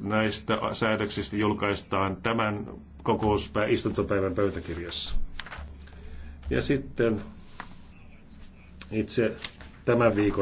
näistä säädöksistä julkaistaan tämän kokouspäivän istuntopäivän pöytäkirjassa. Ja sitten itse tämän viikon